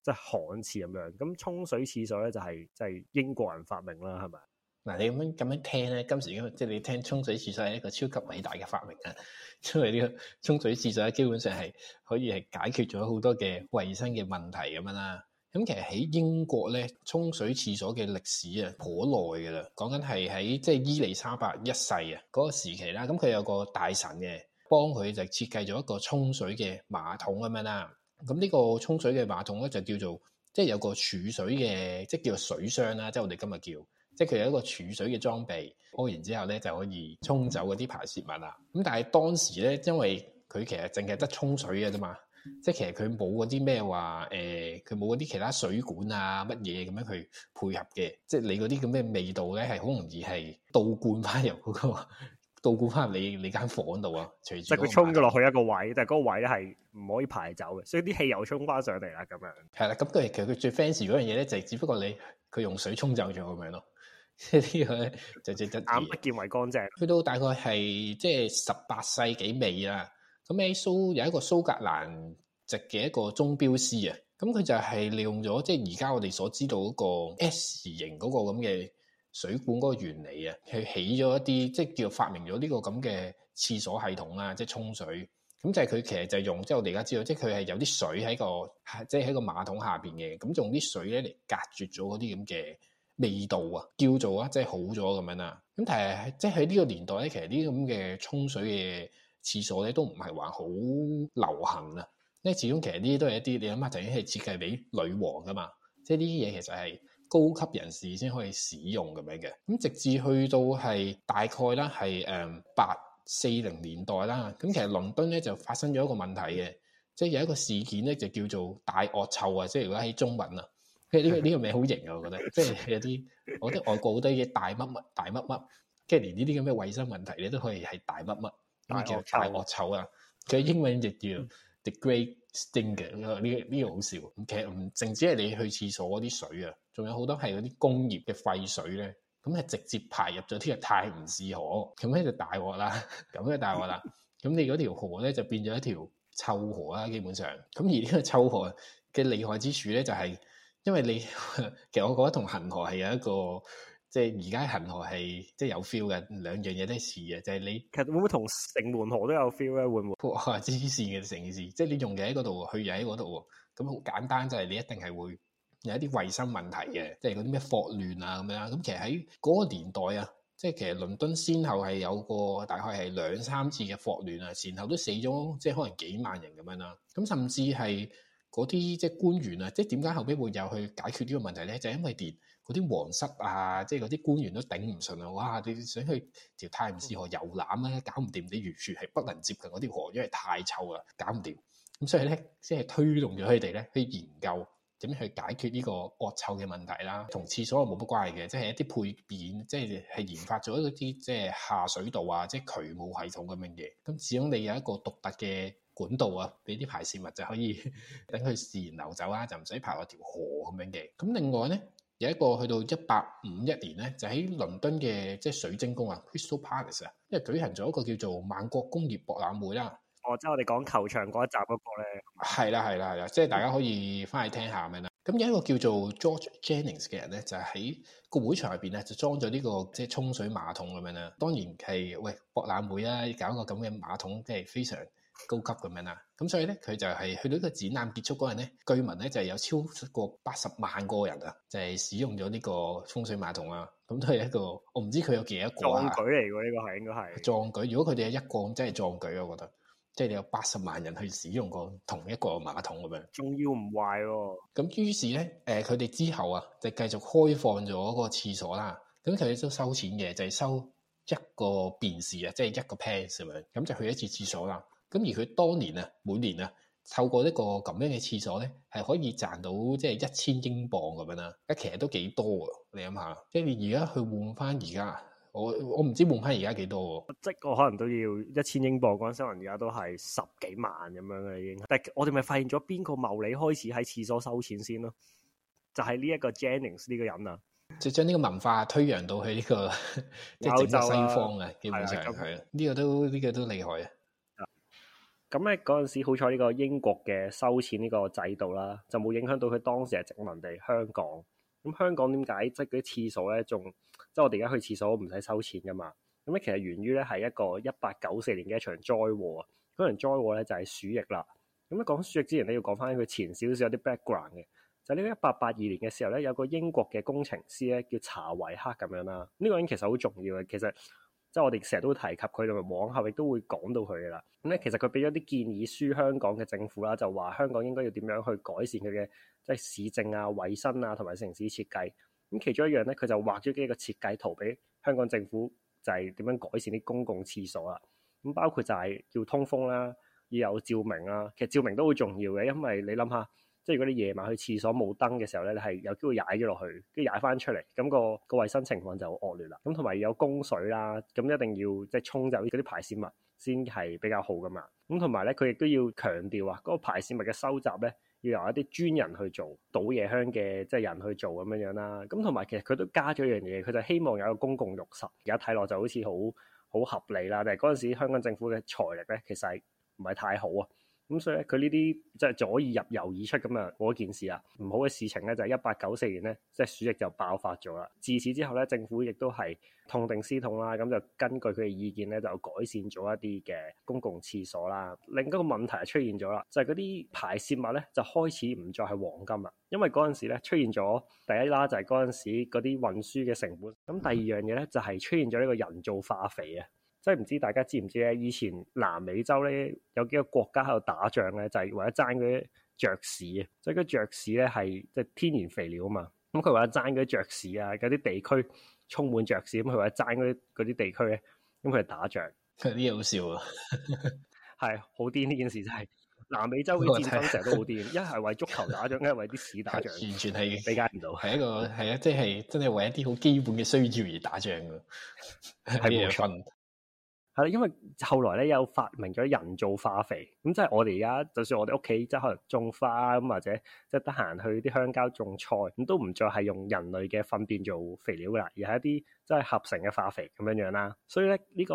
即係旱廁咁樣，咁沖水廁所咧就係即係英國人發明啦，係咪？嗱，你咁樣咁樣聽咧，今時今即係你聽沖水廁所係一個超級偉大嘅發明啊，因為呢個沖水廁所咧，基本上係可以係解決咗好多嘅衛生嘅問題咁樣啦。咁其實喺英國咧，沖水廁所嘅歷史啊，頗耐噶啦。講緊係喺即係伊利沙伯一世啊嗰個時期啦。咁佢有個大臣嘅幫佢就設計咗一個沖水嘅馬桶咁樣啦。咁呢個沖水嘅馬桶咧就叫做即係有個儲水嘅，即係叫水箱啦，即係我哋今日叫。即係佢有一個儲水嘅裝備，屙完之後咧就可以沖走嗰啲排泄物啊。咁但係當時咧，因為佢其實淨係得沖水嘅啫嘛。即係其實佢冇嗰啲咩話，誒佢冇嗰啲其他水管啊乜嘢咁樣去配合嘅。即係你嗰啲咁嘅味道咧，係好容易係倒灌翻入嗰個倒灌翻你你間房度啊。隨即係佢沖咗落去一個位，但係嗰個位咧係唔可以排走嘅，所以啲氣又沖翻上嚟啦咁樣。係啦，咁佢其實佢最 fancy 嗰樣嘢咧，就係只不過你佢用水沖走咗咁樣咯。呢個 <laughs> 就直接眼不見為乾淨。去到大概係即係十八世紀尾啦，咁喺蘇有一個蘇格蘭籍嘅一個鐘錶師啊，咁佢就係利用咗即係而家我哋所知道嗰個 S 型嗰個咁嘅水管嗰個原理啊，去起咗一啲即係叫發明咗呢個咁嘅廁所系統啊，即係沖水。咁就係佢其實就用即係我哋而家知道，即係佢係有啲水喺個即係喺個馬桶下邊嘅，咁用啲水咧嚟隔絕咗嗰啲咁嘅。味道啊，叫做啊，即係好咗咁樣啦。咁但係即係喺呢個年代咧，其實種呢啲咁嘅沖水嘅廁所咧，都唔係話好流行啊。因為始終其實呢啲都係一啲，你諗下就已經係設計俾女王噶嘛。即係呢啲嘢其實係高級人士先可以使用咁樣嘅。咁直至去到係大概啦，係誒八四零年代啦。咁其實倫敦咧就發生咗一個問題嘅，即係有一個事件咧就叫做大惡臭啊。即係如果喺中文啊。呢個呢個名好型啊！我覺得，即係有啲，我覺得外國好多嘢大乜乜大乜乜，即係連呢啲咁嘅衞生問題，你都可以係大乜乜，咁就大惡臭啊！佢英文就叫、嗯、The Great Stinger，呢、這、呢、個、樣、這個、好笑。其實唔淨止係你去廁所嗰啲水啊，仲有好多係嗰啲工業嘅廢水咧，咁係直接排入咗啲，太唔適河，咁咧就大鑊啦！咁嘅大鑊啦，咁你嗰條河咧就變咗一條臭河啦，基本上。咁而呢個臭河嘅厲害之處咧、就是，就係。因為你其實我覺得同恒河係有一個，即係而家恒河係即係有 feel 嘅兩樣嘢都係事嘅，就係你其實會唔會同城門河都有 feel 咧？會唔會？哇！黐線嘅城市，即係你仲嘢喺嗰度，去又喺嗰度喎，咁好簡單就係你一定係會有一啲衞生問題嘅，即係嗰啲咩霍亂啊咁樣。咁其實喺嗰個年代啊，即係其實倫敦先後係有個大概係兩三次嘅霍亂啊，前後都死咗即係可能幾萬人咁樣啦。咁甚至係。嗰啲即係官員啊，即係點解後尾會有去解決呢個問題咧？就係、因為連嗰啲皇室啊，即係嗰啲官員都頂唔順啦！哇，你想去條泰晤士河遊覽咧、啊，搞唔掂你完全係不能接近嗰啲河，因為太臭啦，搞唔掂。咁所以咧，即係推動咗佢哋咧去研究。點去解決呢個惡臭嘅問題啦？同廁所係冇乜關係嘅，即係一啲配件，即係係研發咗一啲即係下水道啊，即係渠務系統咁樣嘅。咁始終你有一個獨特嘅管道啊，俾啲排泄物就可以等佢自然流走啊，就唔使排落條河咁樣嘅。咁另外咧，有一個去到一八五一年咧，就喺倫敦嘅即係水晶宮啊，Crystal Palace 啊，因為舉行咗一個叫做萬國工業博覽會啦。哦，即係我哋講球場嗰一集嗰個咧，係啦係啦係啦，即係大家可以翻去聽下咁樣啦。咁 <laughs> 有一個叫做 George Jennings 嘅人咧，就喺、是、個會場入邊咧就裝咗呢個即係沖水馬桶咁樣啦。當然係喂，博覽會啊搞個咁嘅馬桶，即係非常高級咁樣啦。咁 <laughs> 所以咧，佢就係、是、去到呢個展覽結束嗰陣咧，據聞咧就係、是、有超過八十萬個人啊，就係、是、使用咗呢個沖水馬桶啊。咁都係一個我唔知佢有幾多個壯舉嚟嘅呢個係，應該係壯舉。如果佢哋有一個，真係壯舉，我覺得。即係你有八十萬人去使用過同一個馬桶咁樣，仲要唔壞喎？咁於是咧，誒、呃，佢哋之後啊，就繼續開放咗個廁所啦。咁佢哋都收錢嘅，就係、是、收一個便士啊，即、就、係、是、一個 pen 咁樣。咁就去一次廁所啦。咁而佢當年啊，每年啊，透過一個咁樣嘅廁所咧，係可以賺到即係一千英鎊咁樣啦。啊，其實都幾多啊！你諗下，即係你而家去換翻而家。我、啊、我唔知掹翻而家幾多喎，即係可能都要一千英鎊。嗰陣可能而家都係十幾萬咁樣嘅已經。但係我哋咪發現咗邊個牟利開始喺廁所收錢先咯？就係呢一個 Jennings 呢個人啊，就將呢個文化推揚到去、這、呢個即係歐洲西方嘅，啊、基本上係啊，呢個都呢、這個都厲害啊。咁咧嗰陣時好彩呢個英國嘅收錢呢個制度啦，就冇影響到佢當時係殖民地香港。咁香港點解即係嗰啲廁所咧，仲即係我哋而家去廁所唔使收錢噶嘛？咁咧其實源於咧係一個一八九四年嘅一場災禍啊！嗰場災禍咧就係鼠疫啦。咁咧講鼠疫之前咧要講翻佢前少少有啲 background 嘅，就呢個一八八二年嘅時候咧有個英國嘅工程師咧叫查維克咁樣啦。呢、呢個人其實好重要嘅，其實。即係我哋成日都提及佢，同埋往後亦都會講到佢嘅啦。咁咧，其實佢俾咗啲建議書香港嘅政府啦，就話香港應該要點樣去改善佢嘅即係市政啊、衞生啊同埋城市設計。咁其中一樣咧，佢就畫咗幾個設計圖俾香港政府，就係點樣改善啲公共廁所啊。咁包括就係要通風啦，要有照明啦。其實照明都好重要嘅，因為你諗下。即係如果啲夜晚去廁所冇燈嘅時候咧，你係有機會踩咗落去，跟住踩翻出嚟，咁、那個個衞生情況就好惡劣啦。咁同埋有供水啦、啊，咁一定要即係沖走嗰啲排泄物先係比較好噶嘛。咁同埋咧，佢亦都要強調啊，嗰、那個排泄物嘅收集咧，要由一啲專人去做，倒夜香嘅即係人去做咁樣樣、啊、啦。咁同埋其實佢都加咗一樣嘢，佢就希望有一個公共浴室。而家睇落就好似好好合理啦，但係嗰陣時香港政府嘅財力咧，其實係唔係太好啊。咁所以咧，佢呢啲即係左耳入右耳出咁啊！嗰件事啊，唔好嘅事情咧，就係一八九四年咧，即係鼠疫就爆發咗啦。自此之後咧，政府亦都係痛定思痛啦，咁就根據佢嘅意見咧，就改善咗一啲嘅公共廁所啦。另一個問題出現咗啦，就係嗰啲排泄物咧，就開始唔再係黃金啦，因為嗰陣時咧出現咗第一啦，就係嗰陣時嗰啲運輸嘅成本。咁第二樣嘢咧，就係出現咗呢個人造化肥啊。即係唔知大家知唔知咧？以前南美洲咧，有幾個國家喺度打仗咧，就係、是、為咗爭嗰啲雀屎啊！所以嗰雀屎咧係即係天然肥料啊嘛。咁佢為咗爭嗰啲雀屎啊，有啲地區充滿雀屎，咁佢為咗爭嗰啲啲地區咧，咁佢哋打仗。佢啲、 <laughs> 嗯、好笑啊！係好癲呢件事，就係南美洲嘅戰爭成日都好癲。一係為足球打仗，一係為啲屎打仗。 <laughs> 完全係理解唔到，係一個係啊，即、就、係、是、真係為一啲好基本嘅需要而打仗噶。係 <laughs> 冇 <laughs> <laughs> <laughs> <laughs> 係啦，因為後來咧又發明咗人造化肥，咁、嗯、即係我哋而家就算我哋屋企即係可能種花咁或者即係得閒去啲鄉郊種菜，咁都唔再係用人類嘅糞便做肥料噶啦，而係一啲即係合成嘅化肥咁樣樣啦。所以咧呢、呢個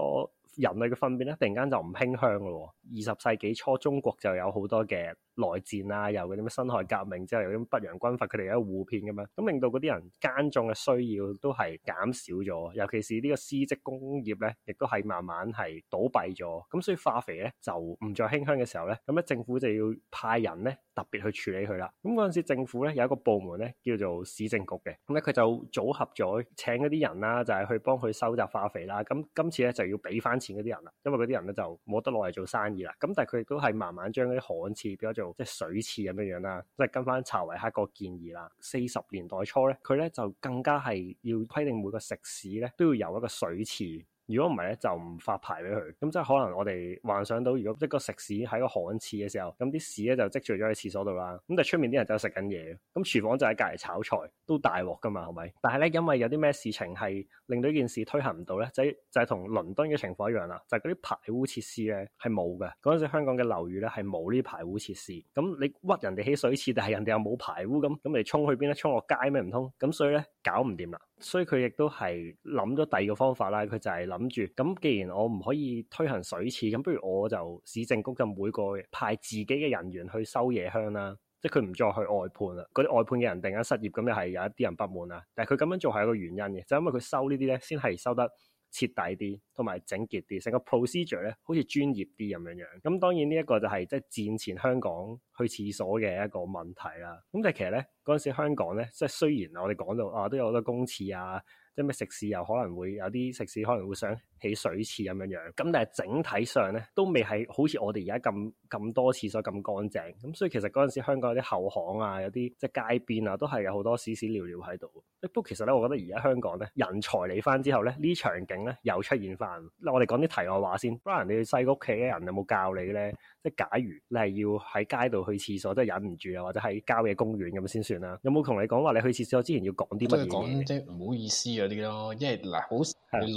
人類嘅糞便咧，突然間就唔吃香咯。二十世紀初中國就有好多嘅。內戰啦，又嗰啲咩辛亥革命之後，嗰啲北洋軍閥佢哋喺度互騙咁樣，咁令到嗰啲人耕種嘅需要都係減少咗，尤其是呢個絲織工業咧，亦都係慢慢係倒閉咗。咁所以化肥咧就唔再興香嘅時候咧，咁咧政府就要派人咧特別去處理佢啦。咁嗰陣時政府咧有一個部門咧叫做市政局嘅，咁咧佢就組合咗請嗰啲人啦，就係去幫佢收集化肥啦。咁今次咧就要俾翻錢嗰啲人啦，因為嗰啲人咧就冇得攞嚟做生意啦。咁但係佢亦都係慢慢將啲旱廁變咗做。即係水池咁樣樣啦，即係跟翻查維克個建議啦。四十年代初咧，佢咧就更加係要規定每個食肆咧都要有一個水池。如果唔係咧，就唔發牌俾佢。咁即係可能我哋幻想到，如果一個食肆喺個旱廁嘅時候，咁啲屎咧就積聚咗喺廁所度啦。咁但係出面啲人就食緊嘢，咁廚房就喺隔離炒菜，都大鑊㗎嘛，係咪？但係咧，因為有啲咩事情係令到一件事推行唔到咧，就係、就係、係、同倫敦嘅情況一樣啦。就係嗰啲排污設施咧係冇嘅。嗰陣時香港嘅樓宇咧係冇呢啲排污設施。咁你屈人哋起水廁，但係人哋又冇排污，咁咁你衝去邊咧？衝落街咩唔通？咁所以咧搞唔掂啦。所以佢亦都係諗咗第二個方法啦，佢就係諗住，咁既然我唔可以推行水廁，咁不如我就市政局嘅每個派自己嘅人員去收夜香啦，即係佢唔再去外判啦，嗰啲外判嘅人突然間失業，咁又係有一啲人不滿啦。但係佢咁樣做係一個原因嘅，就因為佢收呢啲咧，先係收得徹底啲，同埋整潔啲，成個 procedure 咧，好似專業啲咁樣樣。咁當然呢一個就係即係戰前香港去廁所嘅一個問題啦。咁但係其實咧，嗰陣時香港咧，即係雖然我哋講到啊，都有好多公廁啊，即係咩食肆又可能會有啲食肆可能會想。起水池咁樣樣，咁但係整體上咧都未係好似我哋而家咁咁多廁所咁乾淨，咁所以其實嗰陣時香港有啲後巷啊，有啲即係街邊啊，都係有好多屎屎尿尿喺度。不過其實咧，我覺得而家香港咧人才離翻之後咧，呢場景咧又出現翻。嗱，我哋講啲題外話先，不如你細個屋企嘅人有冇教你咧？即係假如你係要喺街度去廁所，即係忍唔住啊，或者喺郊野公園咁先算啦。有冇同你講話你去廁所之前要講啲乜嘢？即係唔好意思嗰啲咯，因為嗱，好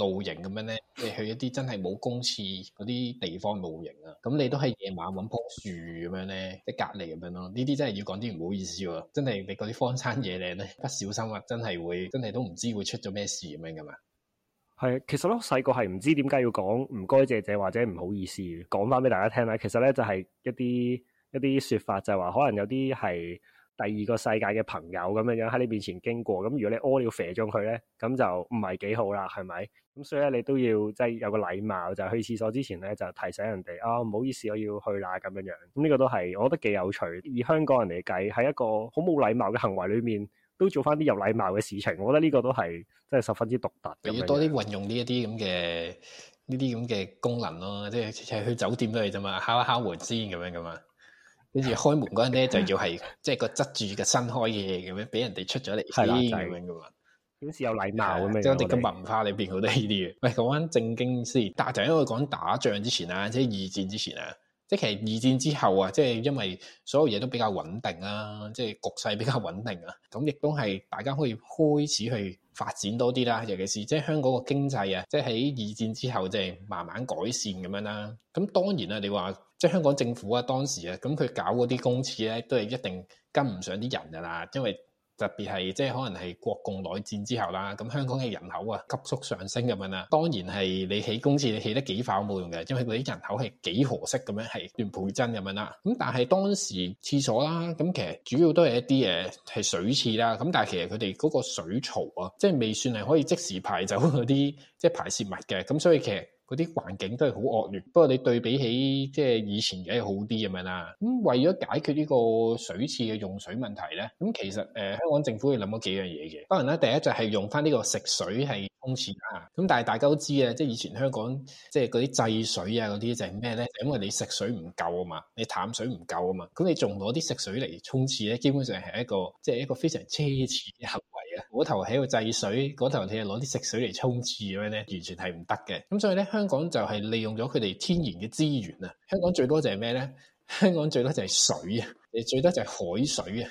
露營咁樣咧。 <laughs> 你去一啲真係冇公廁嗰啲地方露營啊，咁你都喺夜晚揾棵樹咁樣咧，即、就是、隔離咁樣咯。呢啲真係要講啲唔好意思喎，真係你嗰啲荒山野嶺咧，不小心啊，真係會真係都唔知會出咗咩事咁樣噶嘛。係，其實咧細個係唔知點解要講唔該謝謝姐姐或者唔好意思，講翻俾大家聽啦。其實咧就係一啲一啲說法，就係、是、話可能有啲係。第二個世界嘅朋友咁樣樣喺你面前經過，咁如果你屙尿射咗佢咧，咁就唔係幾好啦，係咪？咁所以咧，你都要即係有個禮貌，就去廁所之前咧，就提醒人哋啊，唔好意思，我要去啦，咁樣樣。咁呢個都係，我覺得幾有趣。以香港人嚟計，喺一個好冇禮貌嘅行為裏面，都做翻啲有禮貌嘅事情，我覺得呢個都係真係十分之獨特。要多啲運用呢一啲咁嘅呢啲咁嘅功能咯，即係去酒店都係啫嘛，敲一敲門先咁樣噶嘛。跟住開門嗰陣咧，就要係即係個側住個新開嘅咁樣，俾人哋出咗嚟先咁樣噶嘛。表示有禮貌咁樣。即係我哋嘅文化裏邊，好多呢啲嘢。喂，講返正經先，但係就因為講打仗之前啊，即係二戰之前啊，即係其實二戰之後啊，即係因為所有嘢都比較穩定啊，即係局勢比較穩定啊，咁亦都係大家可以開始去發展多啲啦。尤其是即係香港個經濟啊，即係喺二戰之後，即係慢慢改善咁樣啦。咁當然啦，你話。即係香港政府啊，當時啊，咁、嗯、佢搞嗰啲公廁咧，都係一定跟唔上啲人㗎啦。因為特別係即係可能係國共內戰之後啦，咁、嗯、香港嘅人口啊急速上升咁樣啦，當然係你起公廁你起得幾快冇用嘅，因為你啲人口係幾何式咁樣係段倍增咁樣啦。咁、嗯、但係當時廁所啦，咁、嗯、其實主要都係一啲誒係水廁啦。咁、嗯、但係其實佢哋嗰個水槽啊，即係未算係可以即時排走嗰啲即係排泄物嘅。咁、嗯、所以其實。嗰啲環境都係好惡劣，不過你對比起即係以前梗係好啲咁樣啦。咁為咗解決呢個水池嘅用水問題咧，咁其實誒、呃、香港政府會諗咗幾樣嘢嘅。當然啦，第一就係、是、用翻呢個食水係沖廁啊。咁但係大家都知啊，即係以前香港即係嗰啲制水啊嗰啲就係咩咧？就是、因為你食水唔夠啊嘛，你淡水唔夠啊嘛，咁你仲攞啲食水嚟沖廁咧，基本上係一個即係、就是、一個非常奢侈嘅行為啊。嗰頭喺度制水，嗰頭你係攞啲食水嚟沖廁咁樣咧，完全係唔得嘅。咁所以咧。香港就係利用咗佢哋天然嘅資源啊！香港最多就係咩呢？香港最多就係水啊，最多就係海水啊。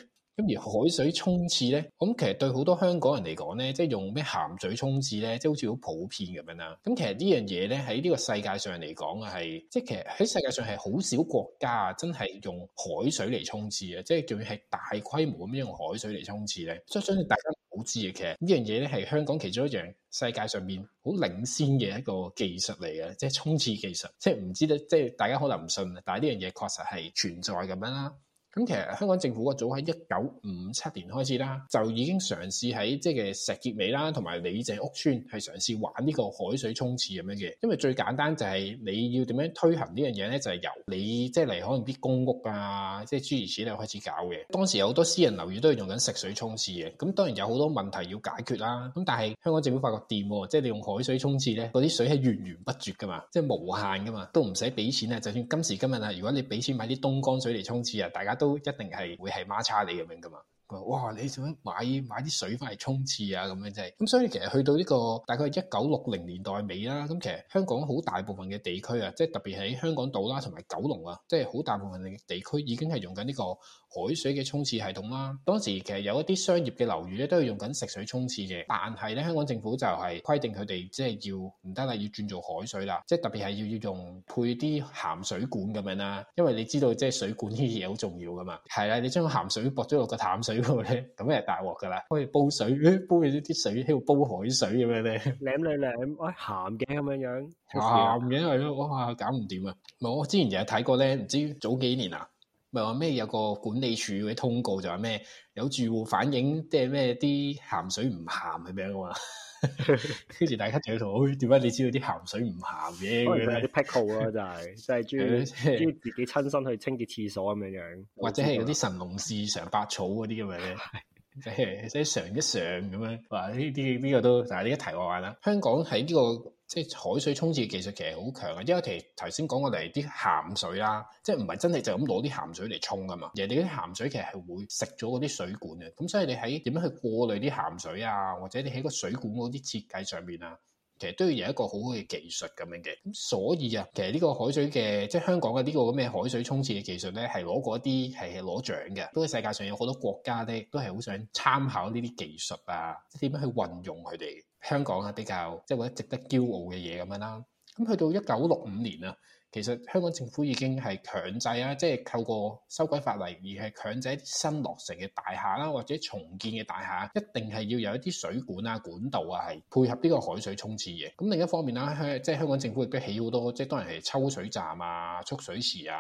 而海水沖廁咧，咁、嗯、其實對好多香港人嚟講咧，即係用咩鹹水沖廁咧，即係好似好普遍咁樣啦。咁、嗯、其實呢樣嘢咧，喺呢個世界上嚟講啊，係即係其實喺世界上係好少國家啊，真係用海水嚟沖廁啊，即係仲要係大規模咁樣用海水嚟沖廁咧。所以相信大家冇知嘅，其實呢樣嘢咧係香港其中一樣世界上面好領先嘅一個技術嚟嘅，即係沖廁技術。即係唔知道，即係大家可能唔信，但係呢樣嘢確實係存在咁樣啦。咁其實香港政府個早喺一九五七年開始啦，就已經嘗試喺即係石硤尾啦，同埋李鄭屋村去嘗試玩呢個海水沖廁咁樣嘅。因為最簡單就係你要點樣推行呢樣嘢呢？就係由你即係嚟可能啲公屋啊，即係諸如此類開始搞嘅。當時有好多私人樓宇都用緊食水沖廁嘅，咁當然有好多問題要解決啦。咁但係香港政府發覺掂，即係你用海水沖廁呢，嗰啲水係源源不絕㗎嘛，即係無限㗎嘛，都唔使俾錢啊。就算今時今日啊，如果你俾錢買啲東江水嚟沖廁啊，大家。都一定係會係孖叉你咁樣噶嘛？佢話哇！你想買買啲水翻嚟沖廁啊？咁樣啫。咁、嗯、所以其實去到呢、這個大概一九六零年代尾啦。咁、嗯、其實香港好大部分嘅地區啊，即係特別喺香港島啦，同埋九龍啊，即係好大部分嘅地區已經係用緊呢、這個。海水嘅沖廁系統啦，啊，當時其實有一啲商業嘅樓宇咧，都係用緊食水沖廁嘅，但係咧香港政府就係規定佢哋即係要唔得啦，要轉做海水啦，即係特別係要要用配啲鹹水管咁樣啦，啊，因為你知道即係水管呢啲嘢好重要噶嘛，係啦，你將鹹水駁咗落個淡水嗰度咧，咁咧大鑊噶啦，可以煲水，煲完啲水喺度煲，煲，煲海水咁樣咧，啊，舐兩舐，喂鹹嘅咁樣樣，鹹嘅係咯，哇，啊哦啊，搞唔掂啊！我之前就有睇過咧，唔知早幾年啊。唔係話咩有個管理處嘅通告就話咩有住戶反映即係咩啲鹹水唔鹹係咩噶嘛？跟住 <laughs> 大家就喺度，點、哎、解你知道啲鹹水唔鹹嘅？可能係啲癖好啊，就係即係中意中意自己親身去清潔廁所咁樣樣，或者係嗰啲神農氏 <laughs> 嘗百草嗰啲咁樣咧。 <laughs> 即係即係嘗一嘗咁樣，話呢啲呢個都，但係呢一提我話啦，香港喺呢個即係海水沖廁技術其實好強啊，因為其實頭先講過嚟啲鹹水啦，即係唔係真係就咁攞啲鹹水嚟沖噶嘛，人哋啲鹹水其實係會食咗嗰啲水管嘅，咁所以你喺點樣去過濾啲鹹水啊，或者你喺個水管嗰啲設計上面啊？其實都要有一個好好嘅技術咁樣嘅，咁所以啊，其實呢個海水嘅即係香港嘅呢個咁咩海水沖廁嘅技術咧，係攞過一啲係攞獎嘅。都喺世界上有好多國家咧，都係好想參考呢啲技術啊，即係點樣去運用佢哋香港啊比較即係或者值得驕傲嘅嘢咁樣啦。咁去到一九六五年啊。其實香港政府已經係強制啊，即係透過修改法例而係強制新落成嘅大廈啦，或者重建嘅大廈一定係要有一啲水管啊、管道啊係配合呢個海水沖廁嘅。咁、嗯、另一方面啦，香即係香港政府亦都起好多，即係當然係抽水站啊、蓄水池啊。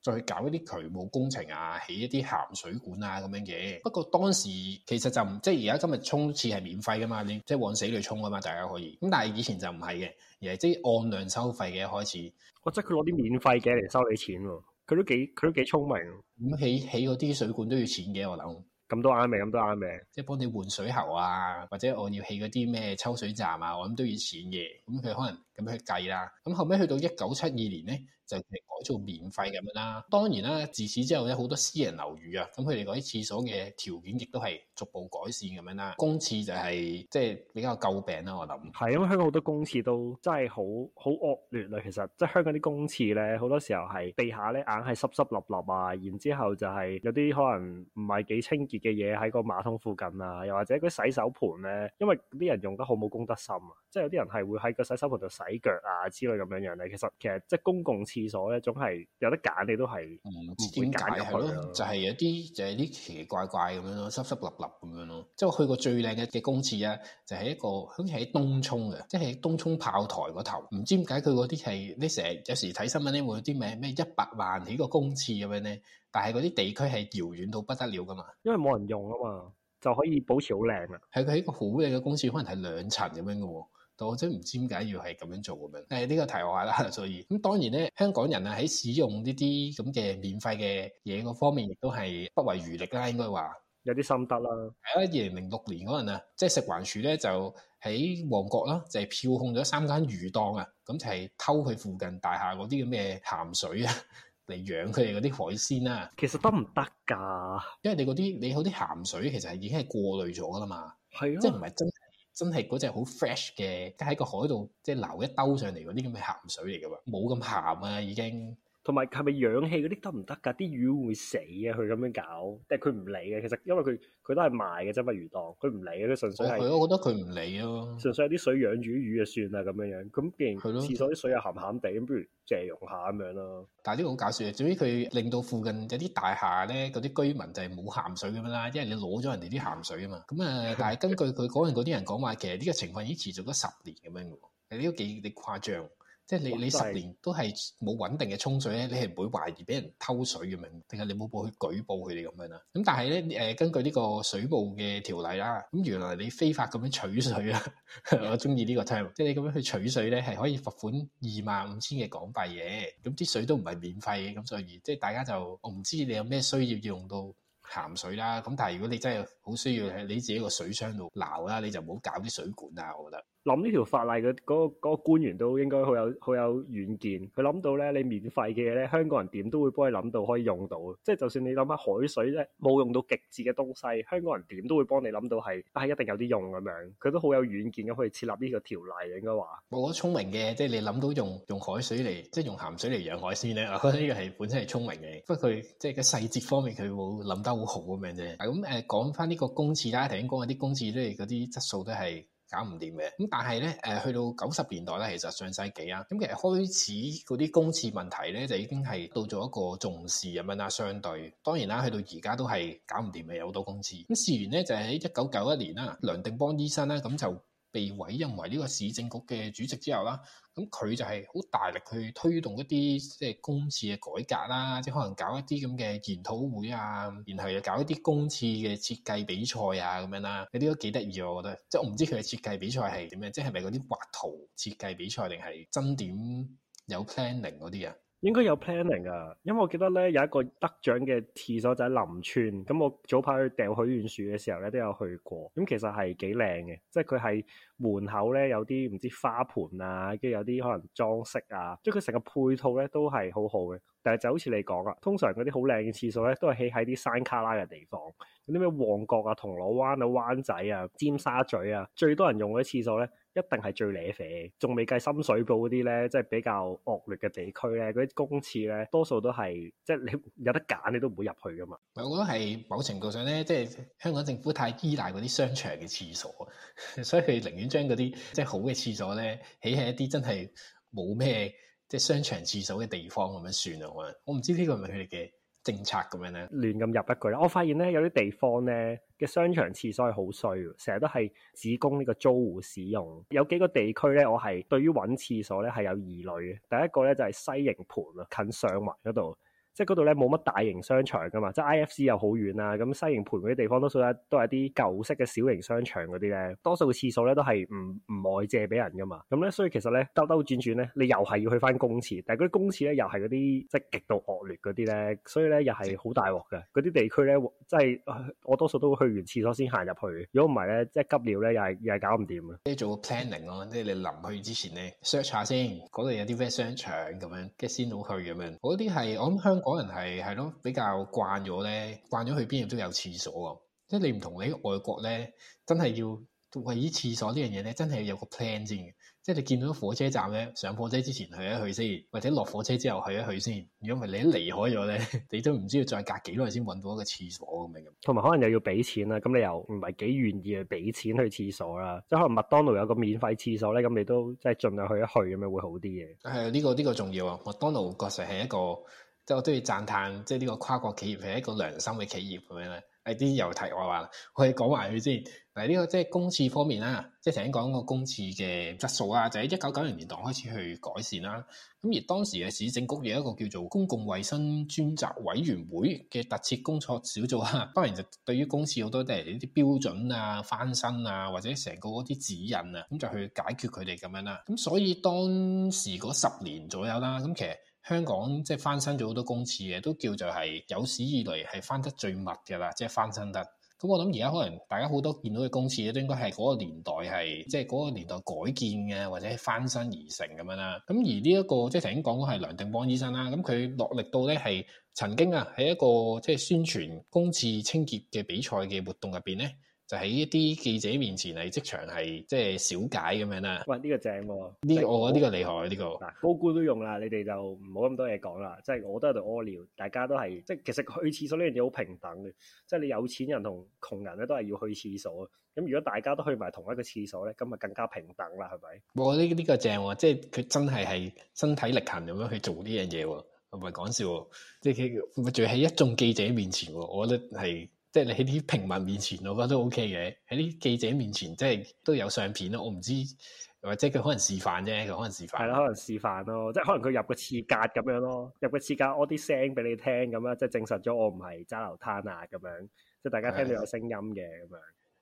再搞一啲渠務工程啊，起一啲鹹水管啊咁樣嘅。不過當時其實就唔，即係而家今日沖廁係免費噶嘛，你即係往死裏沖噶嘛，大家可以。咁但係以前就唔係嘅，而係即係按量收費嘅開始。我覺得即係佢攞啲免費嘅嚟，收你錢啊，佢都幾佢都幾聰明。咁起起嗰啲水管都要錢嘅，我諗。咁都啱嘅，咁都啱嘅，即係幫你換水喉啊，或者我要起嗰啲咩抽水站啊，我諗都要錢嘅。咁佢可能。咁去計啦。咁後尾去到一九七二年咧，就改做免費咁樣啦。當然啦，自此之後咧，好多私人樓宇啊，咁佢哋嗰啲廁所嘅條件亦都係逐步改善咁樣啦。公廁就係即係比較詬病啦、啊。我諗係因為香港好多公廁都真係好好惡劣啊。其實即係香港啲公廁咧，好多時候係地下咧硬係濕濕立立啊，然之後就係有啲可能唔係幾清潔嘅嘢喺個馬桶附近啊，又或者嗰洗手盆咧，因為啲人用得好冇公德心啊，即、就、係、是、有啲人係會喺個洗手盆度洗。洗腳啊之類咁樣樣咧，其實其實即係公共廁所咧，總係有得揀，你都係唔知點解，去咯。就係、是、有啲就係啲奇奇怪怪咁樣咯，濕濕立立咁樣咯。即係我去過最靚嘅嘅公廁啊，就係、是、一個好似喺東涌嘅，即係東涌炮台嗰頭。唔知點解佢嗰啲係你成日有時睇新聞咧，會有啲咩咩一百萬起個公廁咁樣咧。但係嗰啲地區係遙遠到不得了噶嘛，因為冇人用啊嘛，就可以保持好靚啊。係佢喺一個好靚嘅公廁，可能係兩層咁樣噶、啊。我真唔知點解要係咁樣做咁樣，誒呢個題外話啦。所以咁當然咧，香港人啊喺使用呢啲咁嘅免費嘅嘢嗰方面，亦都係不遺餘力啦。應該話有啲心得啦。喺二零零六年嗰陣啊，即係食環署咧就喺旺角啦，就係、是、票控咗三間魚檔啊，咁就係偷佢附近大廈嗰啲嘅咁鹹水啊，嚟 <laughs> 養佢哋嗰啲海鮮啦。其實得唔得㗎？因為你嗰啲你好啲鹹水，其實係已經係過濾咗㗎啦嘛，啊、即係唔係真？ <laughs> 真係嗰隻好 fresh 嘅，喺個海度即係撈一兜上嚟嗰啲咁嘅鹹水嚟㗎嘛，冇咁鹹啊，已經。同埋係咪氧氣嗰啲得唔得㗎？啲魚會死啊？佢咁樣搞，但係佢唔理嘅。其實因為佢佢都係賣嘅啫，墨魚檔佢唔理嘅，佢純粹係係咯，哦，我覺得佢唔理咯，純粹有啲水養魚魚就算啦，咁樣樣咁。既然佢咯的，廁所啲水又鹹鹹地，咁不如借用下咁樣咯。但係呢個好搞笑嘅，至於佢令到附近有啲大廈咧，嗰啲居民就係冇鹹水咁樣啦，因為你攞咗人哋啲鹹水啊嘛。咁啊，但係根據佢嗰陣嗰啲人講話，其實呢個情況已經持續咗十年咁樣嘅喎，係啲幾啲誇張。即係你，你十年都係冇穩定嘅沖水咧，你係唔會懷疑俾人偷水嘅，明定係你冇報去舉報佢哋咁樣啦。咁但係咧，誒根據呢個水務嘅條例啦，咁原來你非法咁樣取水啊， <laughs> 我中意呢個 term，即係你咁樣去取水咧係可以罰款二萬五千嘅港幣嘅。咁啲水都唔係免費嘅，咁所以即係大家就我唔知你有咩需要要用到鹹水啦。咁但係如果你真係，好需要喺你自己個水箱度鬧啦，你就唔好搞啲水管啦。我覺得諗呢條法例嘅嗰個嗰個官員都應該好有好有遠見，佢諗到咧，你免費嘅嘢咧，香港人點都會幫你諗到可以用到。即係就算你諗乜海水咧冇用到極致嘅東西，香港人點都會幫你諗到係啊、哎，一定有啲用咁樣。佢都好有遠見嘅，可以設立呢個條例，應該話我覺得聰明嘅，即係你諗到用用海水嚟，即係用鹹水嚟養海鮮咧。我覺得呢個係本身係聰明嘅，不過佢即係個細節方面，佢冇諗得好好咁樣啫。咁誒講翻啲。個公廁啦，頭先講嗰啲公廁咧，嗰啲質素都係搞唔掂嘅。咁但係咧，誒去到九十年代咧，其實上世紀啊，咁其實開始嗰啲公廁問題咧，就已經係到咗一個重視咁樣啦。相對當然啦，去到而家都係搞唔掂嘅，有好多公廁。咁事緣咧，就係喺一九九一年啦，梁定邦醫生咧，咁就。被委任為呢個市政局嘅主席之後啦，咁佢就係好大力去推動一啲即係公廁嘅改革啦，即係可能搞一啲咁嘅研討會啊，然後又搞一啲公廁嘅設計比賽啊咁樣啦。啊，呢啲都幾得意，我覺得。即係我唔知佢嘅設計比賽係點樣，即係咪嗰啲畫圖設計比賽，定係真點有 planning 嗰啲啊？應該有 planning 啊，因為我記得咧有一個得獎嘅廁所就喺林村，咁我早排去掟許願樹嘅時候咧都有去過，咁其實係幾靚嘅，即係佢係門口咧有啲唔知花盆啊，跟住有啲可能裝飾啊，即係佢成個配套咧都係好好嘅，但係就好似你講啊，通常嗰啲好靚嘅廁所咧都係起喺啲山卡拉嘅地方，嗰啲咩旺角啊、銅鑼灣啊、灣仔啊、尖沙咀啊，最多人用嗰啲廁所咧。一定係最攣啡，仲未計深水埗啲咧，即係比較惡劣嘅地區咧，嗰啲公廁咧，多數都係即係你有得揀，你都唔會入去噶嘛。我覺得係某程度上咧，即係香港政府太依賴嗰啲商場嘅廁所，所以佢寧願將嗰啲即係好嘅廁所咧，起喺一啲真係冇咩即係商場廁所嘅地方咁樣算啊。我我唔知呢個係咪佢哋嘅。政策咁樣咧，亂咁入一句啦。我發現咧，有啲地方咧嘅商場廁所係好衰，成日都係只供呢個租戶使用。有幾個地區咧，我係對於揾廁所咧係有疑慮嘅。第一個咧就係西營盤啊，近上環嗰度。即係嗰度咧冇乜大型商場噶嘛，即係 IFC 又好遠啦、啊，咁、嗯、西營盤嗰啲地方多數咧都係啲舊式嘅小型商場嗰啲咧，多數嘅廁所咧都係唔唔外借俾人噶嘛，咁咧所以其實咧兜兜轉轉咧，你又係要去翻公廁，但係嗰啲公廁咧又係嗰啲即係極度惡劣嗰啲咧，所以咧又係好大鑊嘅，嗰啲地區咧即係我多數都會去完廁所先行入去，如果唔係咧即係急尿咧又係又係搞唔掂嘅。即係做個 planning 咯、啊，即係你臨去之前咧 search 下先，嗰度有啲咩商場咁樣，即係先好去咁樣，嗰啲係我喺香可能係係咯，比較慣咗咧，慣咗去邊度都有廁所啊！即係你唔同你外國咧，真係要為啲廁所呢樣嘢咧，真係要有個 plan 先嘅。即係你見到火車站咧，上火車之前去一去先，或者落火車之後去一去先。如果唔係你一離開咗咧，你都唔知要再隔幾耐先揾到一個廁所咁樣。同埋可能又要俾錢啦，咁你又唔係幾願意去俾錢去廁所啦，即係可能麥當勞有個免費廁所咧，咁你都即係盡量去一去咁樣會好啲嘅。誒，呢個呢個重要啊！麥當勞確實係一個。即係我都要讚歎，即係呢個跨國企業係一個良心嘅企業咁樣啦。誒啲又題外話，我哋講埋佢先。嗱、這、呢個即係公廁方面啦，即係頭先講個公廁嘅質素啊，就喺一九九零年代開始去改善啦。咁而當時嘅市政局有一個叫做公共衞生專責委員會嘅特設工作小組啊，當然就對於公廁好多都係一啲標準啊、翻新啊，或者成個嗰啲指引啊，咁就去解決佢哋咁樣啦。咁所以當時嗰十年左右啦，咁其實～香港即係翻新咗好多公廁嘅，都叫做係有史以來係翻得最密嘅啦，即係翻新得。咁我諗而家可能大家好多見到嘅公廁咧，都應該係嗰個年代係即係嗰個年代改建嘅，或者翻新而成咁樣啦。咁而呢一個即係頭先講講係梁定邦醫生啦，咁佢落力到咧係曾經啊喺一個即係宣傳公廁清潔嘅比賽嘅活動入邊咧。就喺一啲記者面前係即場係即係小解咁樣啦。喂，呢、這個正喎、啊，呢我覺得呢個厲害呢個。嗱、哦，高官都用啦，你哋就唔好咁多嘢講啦。即係我都喺度屙尿，大家都係即係其實去廁所呢樣嘢好平等嘅。即係你有錢人同窮人咧都係要去廁所。咁如果大家都去埋同一個廁所咧，咁啊更加平等啦，係咪？我覺得呢呢個正喎、啊，即係佢真係係身體力行咁樣去做呢樣嘢喎，唔係講笑、啊。即係佢仲喺一眾記者面前，我覺得係。即係你喺啲平民面前，我覺得都 OK 嘅。喺啲記者面前，即係都有相片咯。我唔知或者佢可能示範啫，佢可能示範。係咯，可能示範咯，即係可能佢入個廁格咁樣咯，入個廁格屙啲聲俾你聽咁樣，即係證實咗我唔係揸流攤啊咁樣。即係大家聽到有聲音嘅咁樣。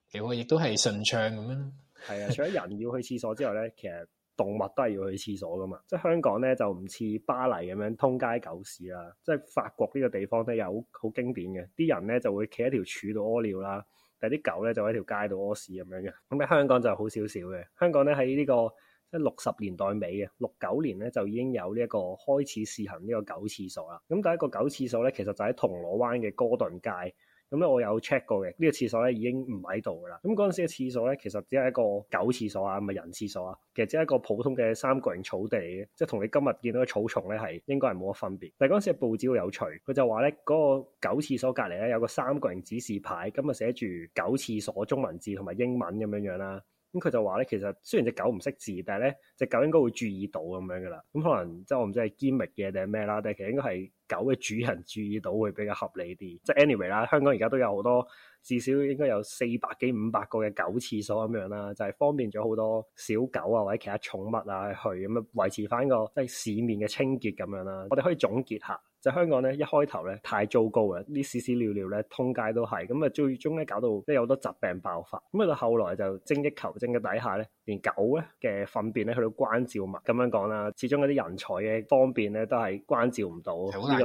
其實佢亦都係順暢咁樣。係啊，除咗人要去廁所之外咧，其實～動物都係要去廁所噶嘛，即係香港咧就唔似巴黎咁樣通街狗屎啦、啊，即係法國呢個地方都有好好經典嘅，啲人咧就會企喺條柱度屙尿啦，但啲狗咧就喺條街度屙屎咁樣嘅，咁、嗯、喺香港就好少少嘅。香港咧喺呢、這個即係六十年代尾嘅六九年咧就已經有呢、這、一個開始試行呢個狗廁所啦。咁、嗯、第一個狗廁所咧其實就喺銅鑼灣嘅哥頓街。咁咧、嗯，我有 check 過嘅，這個、廁呢個廁所咧已經唔喺度噶啦。咁嗰陣時嘅廁所咧，其實只係一個狗廁所啊，唔係人廁所啊。其實只係一個普通嘅三角形草地，即係同你今日見到嘅草叢咧，係應該係冇乜分別。但係嗰陣時嘅報紙好有趣，佢就話咧，嗰、那個狗廁所隔籬咧有個三角形指示牌，咁啊寫住狗廁所中文字同埋英文咁樣樣啦。咁、嗯、佢就話咧，其實雖然隻狗唔識字，但係咧隻狗應該會注意到咁樣噶啦。咁、嗯、可能即係我唔知係堅密嘅定係咩啦，但係其實應該係。狗嘅主人注意到會比較合理啲，即係 anyway 啦。香港而家都有好多，至少應該有四百幾五百個嘅狗廁所咁樣啦，就係方便咗好多小狗啊或者其他寵物啊去咁啊維持翻個即係市面嘅清潔咁樣啦。我哋可以總結下，就香港咧一開頭咧太糟糕啦，啲屎屎尿尿咧通街都係，咁啊最終咧搞到即係有好多疾病爆發，咁啊到後來就精益求精嘅底下咧，連狗咧嘅糞便咧佢都關照埋。咁樣講啦，始終嗰啲人才嘅方便咧都係關照唔到。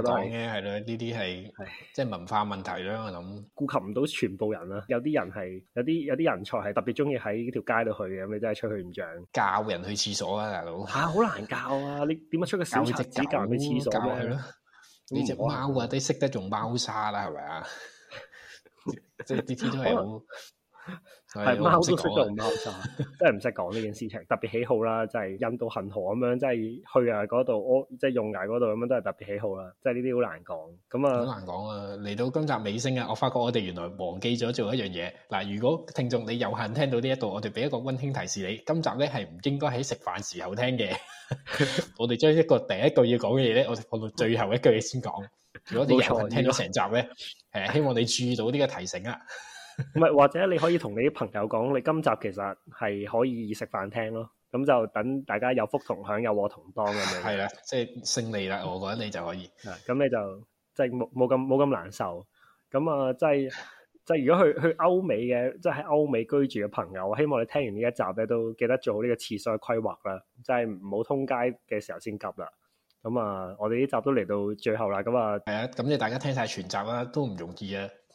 講嘅係咯，呢啲係即係文化問題啦。我諗顧及唔到全部人啦，啊，有啲人係有啲有啲人才係特別中意喺條街度去嘅，咁你真係出去唔上教人去廁所啊大佬吓，好，啊、難教啊！你點樣出個小冊子，教人去廁所咩？去咯，教嗯，你隻貓啊都識得用貓砂啦，係咪啊？即係呢啲都係好。 <laughs> 係貓都識到貓真係唔識講呢件事情。特別喜好啦，即係印度恒河咁樣，即係去啊嗰度，我即係用牙嗰度咁樣，都係特別喜好啦。即係呢啲好難講。咁啊，好難講啊。嚟到今集尾聲啊，我發覺我哋原來忘記咗做一樣嘢。嗱，如果聽眾你有幸聽到呢一度，我哋俾一個温馨提示你：今集咧係唔應該喺食飯時候聽嘅。 <laughs> <laughs> 我哋將一個第一句要講嘅嘢咧，我哋放到最後一句先講。如果你有幸聽到成集咧，誒錯，現在 希望你注意到呢個提醒啊。唔係， <laughs> 或者你可以同你啲朋友講，你今集其實係可以食飯聽咯，咁就等大家有福同享，有禍同當咁樣。係啦，即係、 <laughs> 即係、勝利啦，我覺得你就可以。啊，咁你就即係冇冇咁冇咁難受。咁啊，即係即係如果去去歐美嘅，即係喺歐美居住嘅朋友，希望你聽完呢一集咧，都記得做好呢個廁所嘅規劃啦。即係唔好通街嘅時候先急啦。咁啊，我哋呢集都嚟到最後啦。咁啊，係啊，咁你大家聽晒全集啦，都唔容易啊。